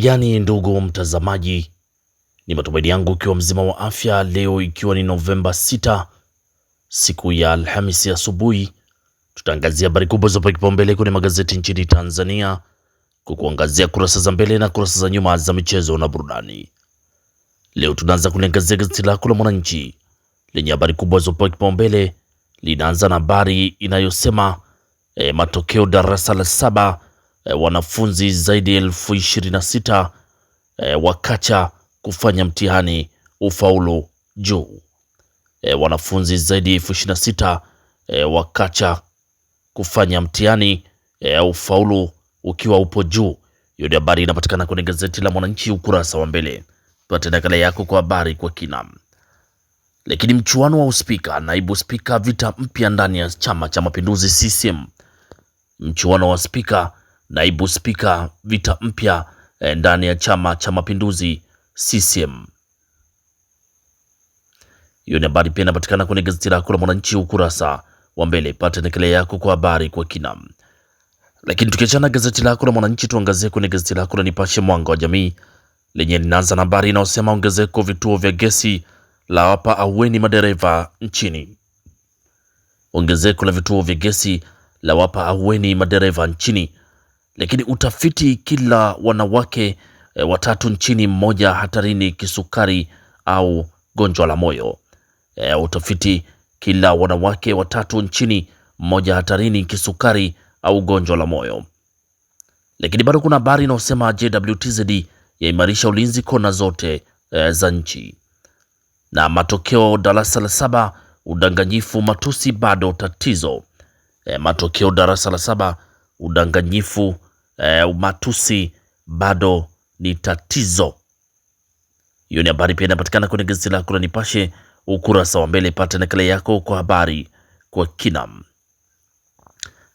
gani ndugu mtazamaji, ni matumaini yangu ukiwa mzima wa afya leo, ikiwa ni Novemba 6 siku ya Alhamisi asubuhi, tutaangazia habari kubwa zopa kipaumbele kwenye magazeti nchini Tanzania, kukuangazia kurasa za mbele na kurasa za nyuma za michezo na burudani. Leo tunaanza kuliangazia gazeti lako la Mwananchi lenye habari kubwa zopa kipaumbele, linaanza na habari inayosema e, matokeo darasa la saba eh, wanafunzi zaidi ya elfu ishirini na sita eh, wakacha kufanya mtihani ufaulu juu. E, wanafunzi zaidi ya elfu ishirini na sita e, wakacha kufanya mtihani e, ufaulu ukiwa upo juu. Hiyo ni habari inapatikana kwenye gazeti la Mwananchi ukurasa wa mbele. Pata nakala yako kwa habari kwa kina. Lakini mchuano wa uspika, naibu spika, vita mpya ndani ya Chama cha Mapinduzi CCM. Mchuano wa spika naibu spika, vita mpya eh, ndani ya chama cha mapinduzi CCM. Hiyo ni habari pia inapatikana kwenye gazeti lako la Mwananchi ukurasa wa mbele, pata nakala yako kwa habari kwa kina. Lakini tukiachana gazeti lako la Mwananchi, tuangazie kwenye gazeti lako la Nipashe Mwanga wa Jamii lenye linaanza na habari inayosema ongezeko vituo vya gesi la wapa aweni madereva nchini. Ongezeko la vituo vya gesi la wapa aweni madereva nchini lakini utafiti kila wanawake e, watatu nchini mmoja hatarini kisukari au gonjwa la moyo. E, utafiti kila wanawake watatu nchini mmoja hatarini kisukari au gonjwa la moyo. Lakini bado kuna habari inayosema JWTZ yaimarisha ulinzi kona zote e, za nchi. Na matokeo darasa la saba udanganyifu matusi bado tatizo. E, matokeo darasa la saba udanganyifu eh, matusi bado ni tatizo. Hiyo ni habari pia inapatikana kwenye gazeti lako la Nipashe ukurasa wa mbele. Pata nakala yako kwa habari kwa kinam.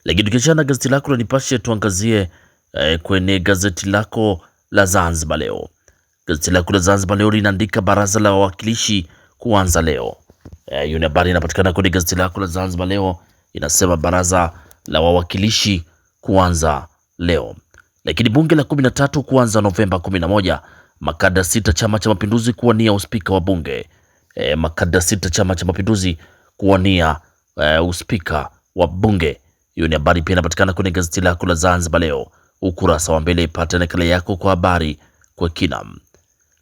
Lakini tukiachana na gazeti lako la Nipashe tuangazie eh, kwenye gazeti lako la Zanzibar Leo. Gazeti lako la Zanzibar Leo linaandika baraza la wawakilishi kuanza leo. Eh, hiyo e, ni habari inapatikana kwenye gazeti lako la Zanzibar Leo, inasema baraza la wawakilishi kuanza leo, lakini bunge la 13 kuanza Novemba 11. Makada sita Chama cha Mapinduzi kuwania uspika wa bunge. E, makada sita Chama cha Mapinduzi kuwania e, uspika wa bunge. Hiyo ni habari pia inapatikana kwenye gazeti lako la Zanzibar Leo ukurasa wa mbele. Pata nakala yako kwa habari kwa kina.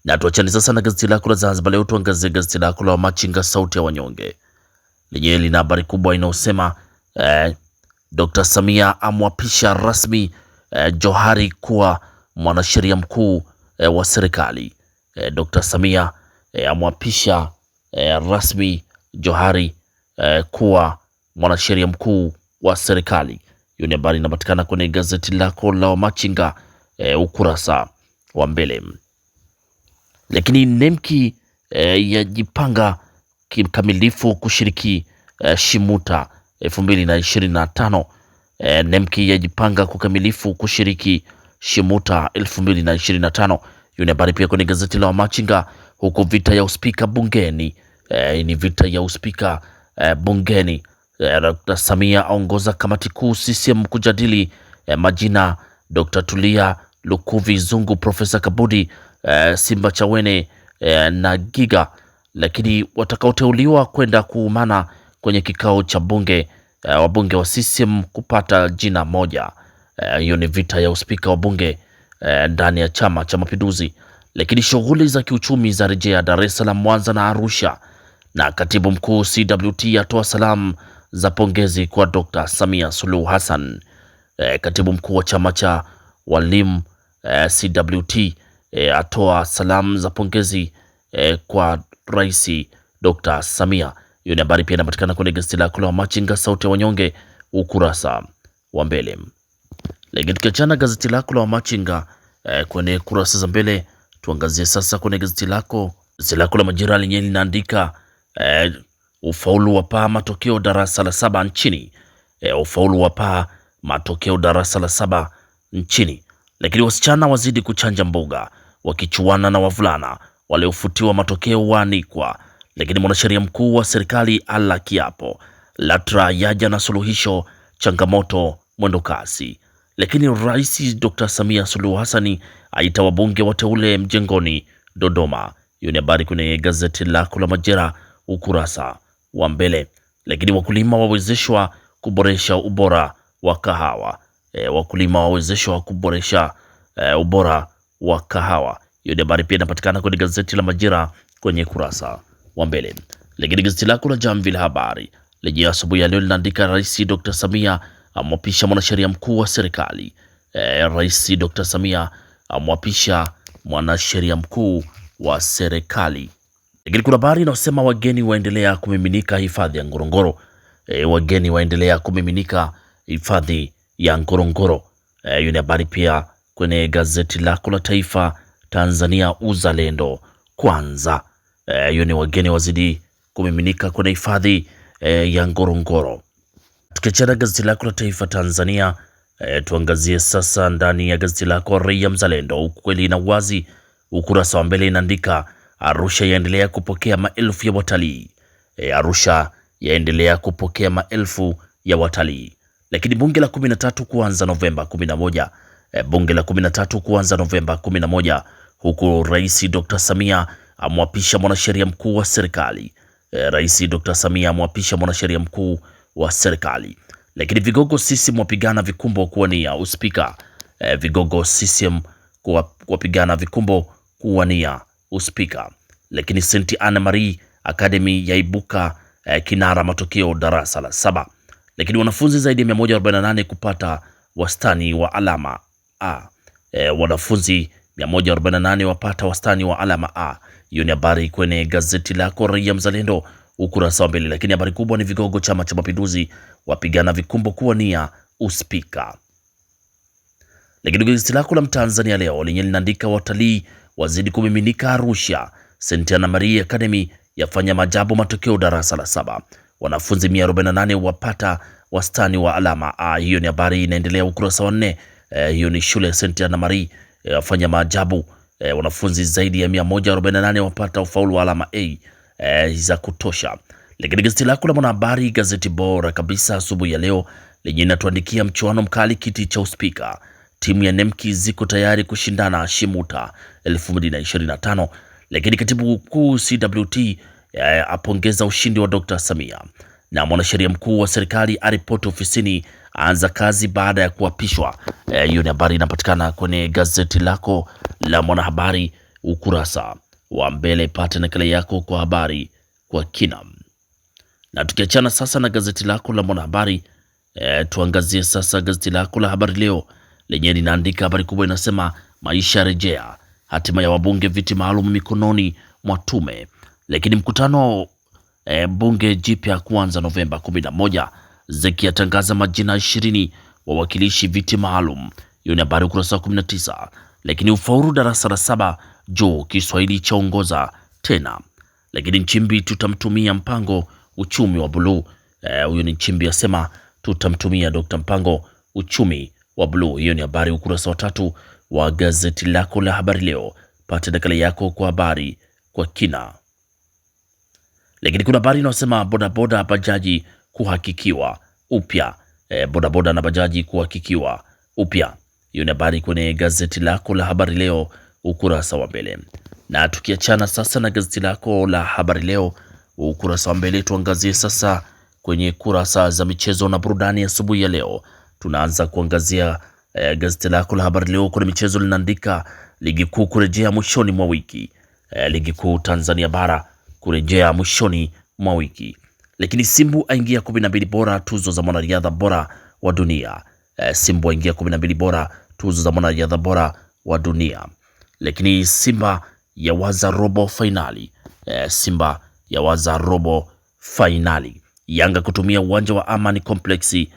Na tuachane sasa na gazeti lako la Zanzibar Leo, tuangazie gazeti lako la Wamachinga sauti ya wanyonge. Lenyewe lina habari kubwa inayosema eh, Dr. Samia amwapisha rasmi eh, Johari kuwa mwanasheria mkuu eh, wa serikali. Eh, Dr. Samia eh, amwapisha eh, rasmi Johari eh, kuwa mwanasheria mkuu wa serikali. Hiyo ni habari inapatikana kwenye gazeti lako la Wamachinga eh, ukurasa wa mbele. Lakini Nemki eh, yajipanga kikamilifu kushiriki eh, Shimuta eh, elfu mbili na ishirini na tano E, Nemki yajipanga kukamilifu kushiriki Shimuta 2025. Hiyo ni habari pia kwenye gazeti la Wamachinga, huku vita ya uspika bungeni e, ni vita ya uspika e, bungeni e, Dr. Samia aongoza kamati kuu CCM kujadili e, majina Dr. Tulia Lukuvi Zungu, Profesa Kabudi e, Simba Chawene e, na Giga, lakini watakaoteuliwa kwenda kuumana kwenye kikao cha bunge uh, wabunge wa CCM kupata jina moja. Eh, hiyo uh, ni vita ya uspika wa bunge eh, ndani ya Chama cha Mapinduzi. Lakini shughuli za kiuchumi za rejea Dar es Salaam, Mwanza na Arusha, na katibu mkuu CWT atoa salamu za pongezi kwa Dr. Samia Suluhu Hassan. E, katibu mkuu wa chama cha walimu e, CWT e, atoa salamu za pongezi e, kwa Rais Dr. Samia. Hiyo ni habari pia inapatikana kwenye gazeti lako la Machinga sauti ya wanyonge ukurasa wa mbele. Lakini tukiachana gazeti lako la Machinga eh, kwenye kurasa za mbele, tuangazie sasa kwenye gazeti lako gazeti lako la Majira lenyewe linaandika eh, ufaulu wa paa matokeo darasa la saba nchini eh, ufaulu wa paa matokeo darasa la saba nchini. Lakini wasichana wazidi kuchanja mboga wakichuana na wavulana waliofutiwa matokeo waanikwa lakini mwanasheria mkuu wa serikali ala kiapo LATRA yaja na suluhisho changamoto mwendokasi. Lakini Rais Dr. Samia Suluhu Hassani aita wabunge wateule mjengoni Dodoma. Hiyo ni habari kwenye gazeti lako la Majira ukurasa wa mbele. Lakini wakulima wawezeshwa kuboresha ubora wa kahawa e, wakulima wawezeshwa kuboresha e, ubora wa kahawa. Hiyo ni habari pia inapatikana kwenye gazeti la Majira kwenye kurasa wa mbele. Lakini gazeti lako la Jamvi la Habari lenye asubuhi ya leo linaandika Rais Dr. Samia amwapisha mwanasheria mkuu wa serikali. E, Rais Dr. Samia amwapisha mwanasheria mkuu wa serikali. Lakini kuna habari inayosema wageni waendelea kumiminika hifadhi ya Ngorongoro. E, wageni waendelea kumiminika hifadhi ya Ngorongoro. E, ni habari pia kwenye gazeti lako la Taifa Tanzania Uzalendo Kwanza. Eh, hiyo ni wageni wazidi kumiminika kwenye hifadhi e, ya Ngorongoro. Tukiachana gazeti lako la Taifa Tanzania e, tuangazie sasa ndani ya gazeti lako Raia Mzalendo, ukweli na uwazi, ukurasa wa mbele inaandika Arusha yaendelea kupokea maelfu ya watalii e, Arusha yaendelea kupokea maelfu ya watalii. Lakini bunge la 13 kuanza Novemba 11, e, bunge la 13 kuanza Novemba 11, huku Rais Dr. Samia amwapisha mwanasheria mkuu wa serikali. E, Rais Dr. Samia amwapisha mwanasheria mkuu wa serikali. Lakini vigogo sisi mwapigana vikumbo kuwania uspika. E, vigogo sisi wapigana vikumbo kuwania uspika. Lakini St. Anne Marie Academy yaibuka e, kinara matokeo darasa la saba. Lakini wanafunzi zaidi ya 148 kupata wastani wa alama A. E, wanafunzi 148 wapata wastani wa alama A. Hiyo ni habari kwenye gazeti lako Raia Mzalendo ukurasa wa mbele, lakini habari kubwa ni vigogo Chama cha Mapinduzi wapigana vikumbo kuwania uspika. Lakini gazeti lako la Mtanzania leo lenye linaandika watalii wazidi kumiminika Arusha, St Anna Maria Academy yafanya maajabu matokeo darasa la saba, wanafunzi 148 wapata wastani wa alama. Ah, hiyo ni habari inaendelea ukurasa wa nne. Eh, hiyo ni shule ya St Anna Maria eh, yafanya maajabu e, wanafunzi zaidi ya 148 wapata ufaulu wa alama A e, za kutosha. Lakini gazeti lako la Mwanahabari, gazeti bora kabisa asubuhi ya leo, lenye inatuandikia mchuano mkali kiti cha uspika, timu ya Nemki ziko tayari kushindana Shimuta 2025. Lakini katibu mkuu CWT e, eh, apongeza ushindi wa Dr. Samia na mwanasheria mkuu wa serikali aripoti ofisini aanza kazi baada ya kuapishwa. Eh, hiyo e, ni habari inapatikana kwenye gazeti lako la Mwanahabari ukurasa wa mbele. Pata nakala yako kwa habari kwa kina. Na tukiachana sasa na gazeti lako la Mwanahabari e, tuangazie sasa gazeti lako la Habari Leo lenyewe linaandika habari kubwa inasema, maisha rejea, hatima ya wabunge viti maalum mikononi mwa tume, lakini mkutano e, bunge jipya kuanza Novemba moja zikiyatangaza majina ishirini wawakilishi viti maalum. Hiyo ni habari ukurasa wa 19. Lakini ufaulu darasa la saba juu Kiswahili chaongoza tena. Lakini Nchimbi tutamtumia Mpango uchumi wa buluu. Eh, huyo ni Nchimbi asema tutamtumia Dr. Mpango uchumi wa buluu. Hiyo ni habari ukurasa wa tatu wa gazeti lako la Habari Leo. Pata nakala yako kwa habari kwa kina. Lakini kuna habari inayosema bodaboda bajaji kuhakikiwa upya e, bodaboda na bajaji kuhakikiwa upya. Hiyo ni habari kwenye gazeti lako la habari leo ukurasa wa mbele. Na tukiachana sasa na gazeti lako la habari leo ukurasa wa mbele, tuangazie sasa kwenye kurasa za michezo na burudani asubuhi ya, ya leo. Tunaanza kuangazia e, gazeti lako la habari leo kwenye michezo linaandika ligi kuu kurejea mwishoni mwa wiki. E, ligi kuu Tanzania bara kurejea mwishoni mwa wiki. Lakini Simbu aingia 12 bora tuzo za mwanariadha bora wa dunia. E, Simbu aingia 12 bora tuzo za mwanariadha bora wa dunia. Lakini Simba ya waza robo fainali. E, eh, Simba waza robo fainali. Yanga kutumia uwanja wa Amani Complex e,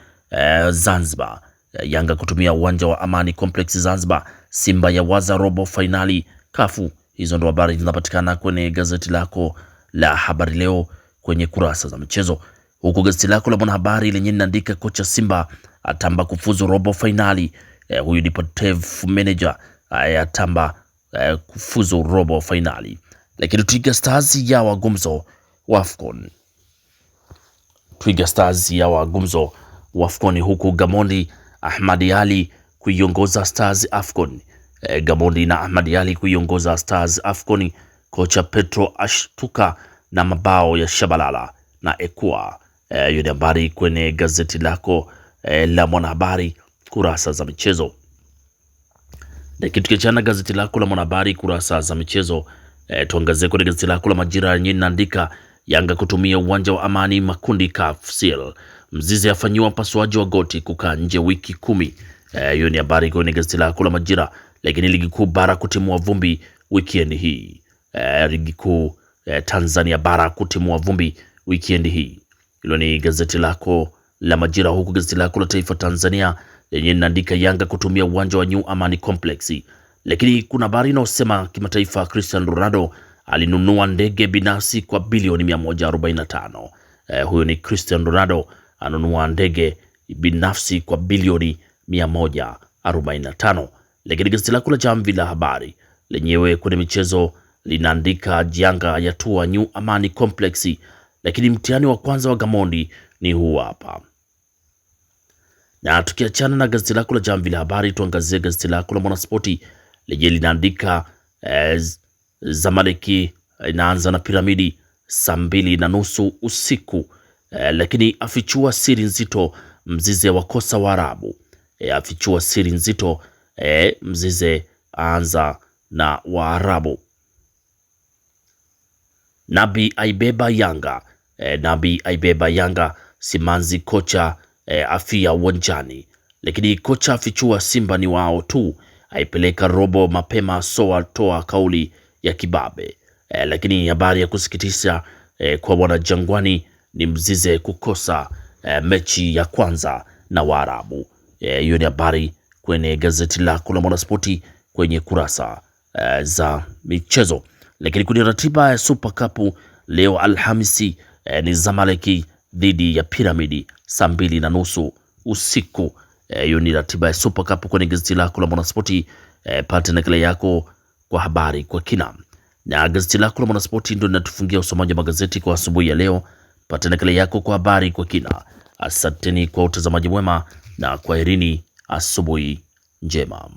Zanzibar. E, Yanga kutumia uwanja wa Amani Complex Zanzibar. Simba ya waza robo fainali kafu. Hizo ndo habari zinapatikana kwenye gazeti lako la Habari Leo kwenye kurasa za michezo, huku gazeti lako la Mwanahabari lenye linaandika kocha Simba atamba kufuzu robo fainali. Eh, huyu deportive manager eh, atamba eh, kufuzu robo fainali. Lakini Twiga Stars ya wagumzo Wafcon, Twiga Stars ya wagumzo Wafcon, huku Gamondi Ahmad Ali kuiongoza Stars Afcon. Eh, Gamondi na Ahmad Ali kuiongoza Stars Afcon. Kocha Petro ashtuka na mabao ya Shabalala na Ekua. E, hiyo ni habari kwenye gazeti lako e, la Mwanahabari kurasa za michezo. Kitu kichana gazeti lako la Mwanahabari kurasa za michezo e, tuangazie kwenye gazeti lako la Majira yenyewe inaandika Yanga kutumia uwanja wa Amani makundi CAF seal. Mzizi afanyiwa mpasuaji wa goti kukaa nje wiki kumi. Hiyo e, ni habari kwenye gazeti lako la Majira. Lakini ligi kuu bara kutimua vumbi wikendi hii e, ligi kuu eh, Tanzania bara kutimua vumbi weekend hii. Hilo ni gazeti lako la Majira, huku gazeti lako la Taifa Tanzania lenye linaandika Yanga kutumia uwanja wa New Amani Complex, lakini kuna habari inayosema kimataifa, Cristiano Ronaldo alinunua ndege binafsi kwa bilioni 145. Eh, huyo ni Cristiano Ronaldo anunua ndege binafsi kwa bilioni 145. Lakini gazeti lako la Jamvi la Habari lenyewe kwenye michezo linaandika Jianga yatua New Amani Complex, lakini mtihani wa kwanza wa Gamondi ni huu hapa. Na tukiachana na gazeti lako la Jamvi la Habari, tuangazie gazeti lako la Mwanaspoti lenye linaandika eh, Zamaleki eh, inaanza na Piramidi saa mbili na nusu usiku eh, lakini afichua siri nzito Mzize wakosa Waarabu eh, afichua siri nzito eh, Mzize aanza na Waarabu. Nabi aibeba Yanga e, Nabi aibeba Yanga. Simanzi kocha e, afia uwanjani, lakini kocha afichua Simba ni wao tu, aipeleka robo mapema. Soa toa kauli ya kibabe e, lakini habari ya kusikitisha e, kwa wanajangwani ni Mzize kukosa e, mechi ya kwanza na Waarabu. E, hiyo e, ni habari kwenye gazeti lako la Mwanaspoti kwenye kurasa e, za michezo. Lakini kwenye ratiba ya Super Cup leo Alhamisi eh, ni Zamaleki dhidi ya Piramidi saa mbili na nusu usiku. Eh, hiyo eh, ni ratiba ya Super Cup kwenye gazeti lako la Mwanaspoti. Eh, pate nakala yako kwa habari kwa kina, na gazeti lako la Mwanaspoti ndio linatufungia usomaji wa magazeti kwa asubuhi ya leo. Pate nakala yako kwa habari kwa kina. Asanteni kwa utazamaji mwema na kwaherini, asubuhi njema.